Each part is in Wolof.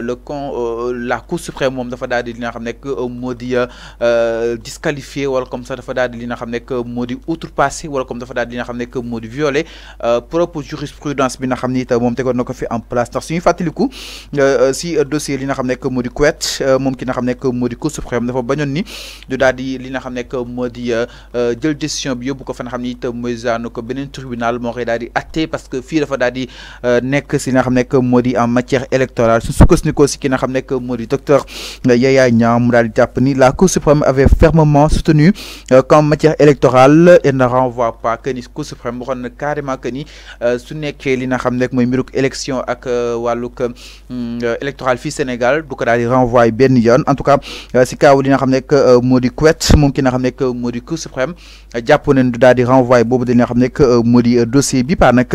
Euh, le con euh, la cour suprême mom dafa daal di li nga que nekk euh, disqualifié wala comme ça dafa daal di li nga xam nekk moo outrepassé wala comme dafa daal di li nga xam que moo violé violé propre jurisprudence bi nga xam tam mom moom ko fi en place ndax suñuy fàttaliku si dossier li nga xam que moo di Couette moom ki nga xam nekk cour suprême dafa bañoon ni du daal di li nga xam nekk jël décision bi yóbbu ko fa nga xam tam it tribunal mo koy daal di parce que fi dafa daal di nekk si nga xam que en matière électorale su jëfandikoo si n'a nga que docteur Yaya Niang mu ni la Cour suprême avait fermement soutenu euh, qu'en matière électorale elle ne renvoie pas que ni Cour suprême waxoon carrément que ni euh, su nekkee li nga xam nekk élection ak euh, waluk hmm, électoral fi Sénégal du ko daal di renvoyer ben yoon en tout cas si kaaw li nga xam que moo di Couette ki nga xam nekk moo Cour suprême jàpp nañ du daal di renvoyer boobu di nga xam que dossier bi par nak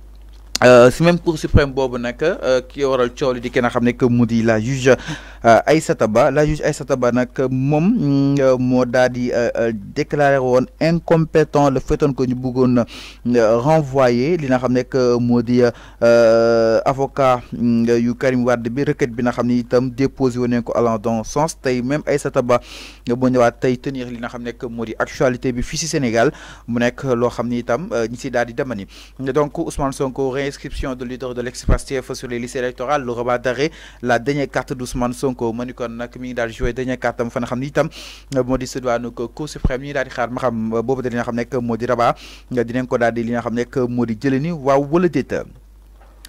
Euh, si même cour suprême boobu nag euh, ki waral coow di kena xamné que mu la juge euh, Aïssata Ba la juge Aïssata Ba mom mo dadi daal di incompétent le fekkoon que ñu bëggoon renvoyer li nga xamné que moo avocat yu Karim Wade bi requête bi nga xam tam itam déposé woon ko allant dans sens tay même Aïssata Ba boo ñëwaat tay tenir li nga xamné que moo actualité bi fi ci Sénégal mu nek lo xam tam itam ñi si daal demani donc Ousmane Sonko inscription de leader de l'ex-Pastef sur les listes électorales le rabat d'arrêt la dernière carte d'Ousmane Sonko mu ni kon mi ngi joué dernière carte am fa nga xam ne itam moo di sudwaanu ko Cour suprême ñi daal di xam boobu de li nga xam nekk moo di rabat dinañ ko daal di li nga xam waaw wala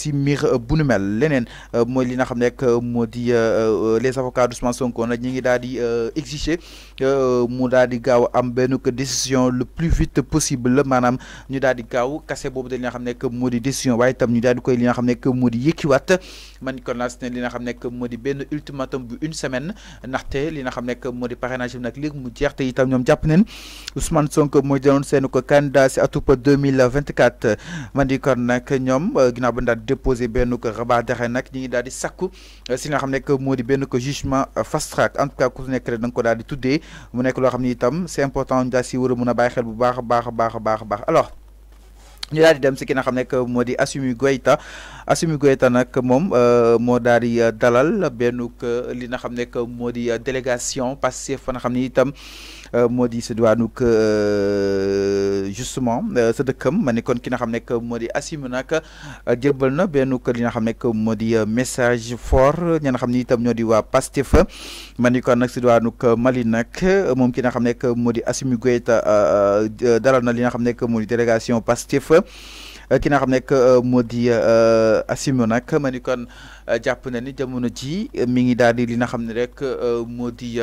si mbir euh, bu nu mel leneen euh, mooy li nga xam euh, les avocats d'Ousmane Sonko a dit ngi daal di exiger mu daal di gaaw que décision le plus vite possible madame ñu daal di gaaw kase de li nga décision waaye tam, ñu daal di koy li nga xam ne moo di yëkkiwaat man kon laas li nga ultimatum bu une semaine ndaxte li nga xam que moo parrainage bi nag léegi mu jeex itam ñoom jàpp neen Ousmane Sonko mooy danoon seen ko candidat si atupa 2024 man di kon nag ñoom ginnaaw déposé benn que rabat derrière nak ñi ngi daal sakku euh, si nga que modi di que jugement euh, fast track en tout cas ku nek rek da nga ko daal di que mu nek lo itam c'est important d'assurer si war a mun xel bu baax a baax baax baax baax alors ñu daal dem ci ki nga xam que modi assumi Assimi assumi Assimi nak mom moom euh, moo dalal di que li nga xam que modi délégation Pastef fa nga xam itam. Euh, moo di sa diwaanu euh, justement euh, sa dëkkam ma ne kon ki nga xam nekk moo di Assimi nag jébbal na benn kër li nga xam nekk moo di message for ñi xam ni itam ñoo di waa Pastef ma ne kon nag si diwaanu Mali nag moom ki nga xam nekk moo di Assimi Goïta dalal na li nga xam nekk moo di délégation Pastef ki nga xam nekk moo di Assimi nag ma jàpp na ni jamono ji mi ngi daal di li nga xam ne rek moo di.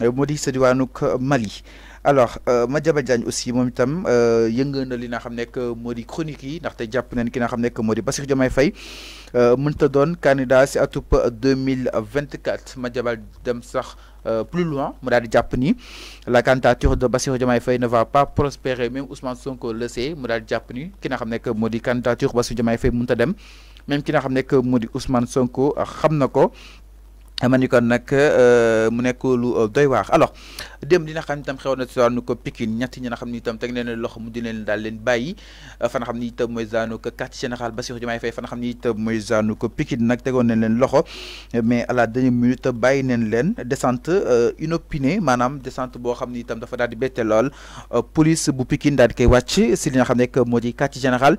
Euh, modi se sa diwaanuk euh, Mali alors euh, Madiaba Diagne aussi moom itam yëngal na li nga xam nekk chronique yi te japp nañ ki nga xam modi moo di fay euh, Faye mënta doon candidat si atub 2024 Madiaba dem sax plus loin mu dal di ni la candidature de Bassirou Diomaye fay ne va pas prospérer même Ousmane Sonko le sait mu dal di ni ki nga xam nekk modi candidature Bassirou Diomaye Faye mënta dem même ki nga xam nekk modi Ousmane Sonko xam ko ma ni kon nag euh, mu nekk lu euh, doy waax alors démb na xam ne itam xew na si wàllu ko Pikine ñetti ñi na xam ni itam teg leen loxo mu di leen daal leen bàyyi euh, fana nga xam ni itam mooy zaanu ko quartier général Bassirou Diomaye Faye fa nga xam ni itam mooy zaanu ko nag tegoon nañ leen loxo mais à la dernière bàyyi nañ leen descente inopinée maanaam descente boo xam ni itam dafa daal di bette lool police bu Pikine daal di koy wàcc si li nga xam ne moo di quartier général.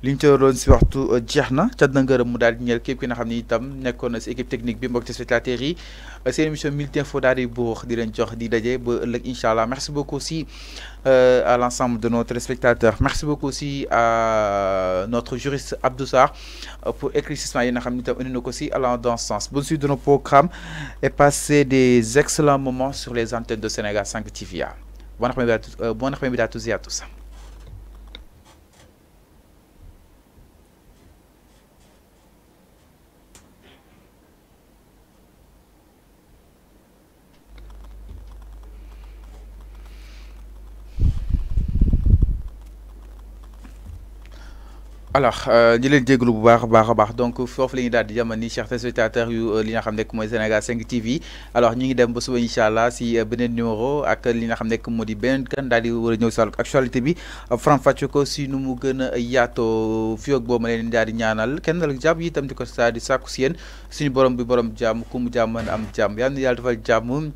li ñu ci doon si waxtu euh, jeex na cat na ngërëm qui est di képp ki nga équipe technique bi mbokk téléspectateurs yi euh, seen émission Minute Info daal di buux jox di merci beaucoup aussi euh, à l'ensemble de nos téléspectateurs merci beaucoup aussi à notre juriste Abdou pour éclaircissement yi nga xam ni itam indi na allant dans ce sens bonne suite de nos programmes et passez des excellents moments sur les antennes de Sénégal 5 TVA bon après-midi à tous et à tous. alors euh, di leen jéglu bu baax a baax a baax donc foofu la ñuy daal di jamono nii chers téléspectateurs yu euh, li nga xam nekk mooy Sénégal 5 TV alors ñu ngi dem ba suba incha allah si euh, beneen numéro ak li nga xam nekk moo di beneen kan daal war a ñëw si actualité bi faram-fàcce ko si nu mu gën a yaato fii ak boobu ma leen daal di ñaanal kenn la jàmm itam di ko saa di sàkku si yéen suñu borom bi borom jàmm ku mu jàmm mën am jàmm yal na yàlla defal jàmm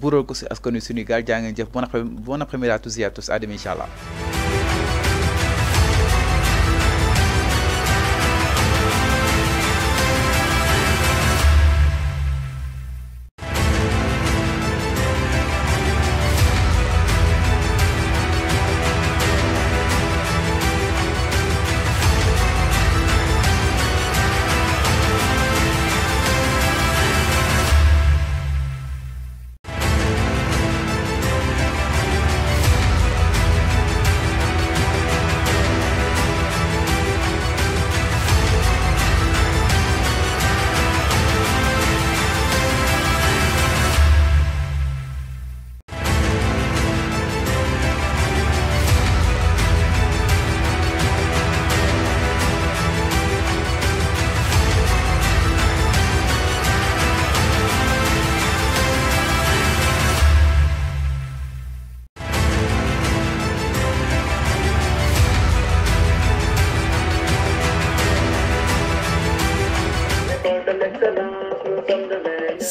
buural ko si askan wi Sénégal jaa ngeen jëf bon après bon après-midi à tous et à allah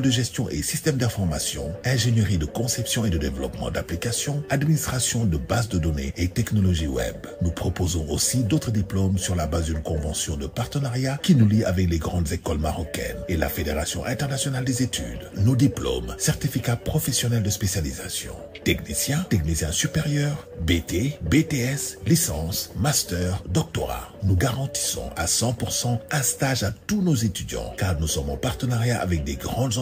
de gestion et système d'information, ingénierie de conception et de développement d'applications, administration de bases de données et technologies web. Nous proposons aussi d'autres diplômes sur la base d'une convention de partenariat qui nous lie avec les grandes écoles marocaines et la Fédération internationale des études. Nos diplômes, certificats professionnels de spécialisation, technicien, technicien supérieur, BT, BTS, licence, master, doctorat. Nous garantissons à 100% un stage à tous nos étudiants car nous sommes en partenariat avec des grandes entreprises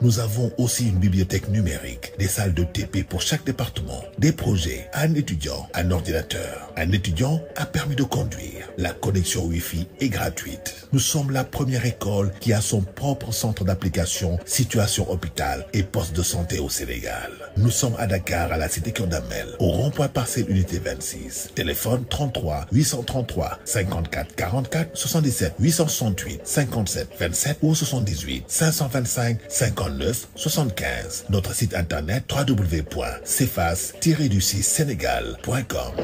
Nous avons aussi une bibliothèque numérique, des salles de TP pour chaque département, des projets, un étudiant, un ordinateur, un étudiant, a permis de conduire. La connexion Wi-Fi est gratuite. Nous sommes la première école qui a son propre centre d'application, situation hôpital et poste de santé au Sénégal. Nous sommes à Dakar, à la cité Kondamel, au rond-point parcelle unité 26. Téléphone 33 833 54 44 77 868 57 27 ou 78 525 59 75. Notre site internet wwwcefas du sénégalcom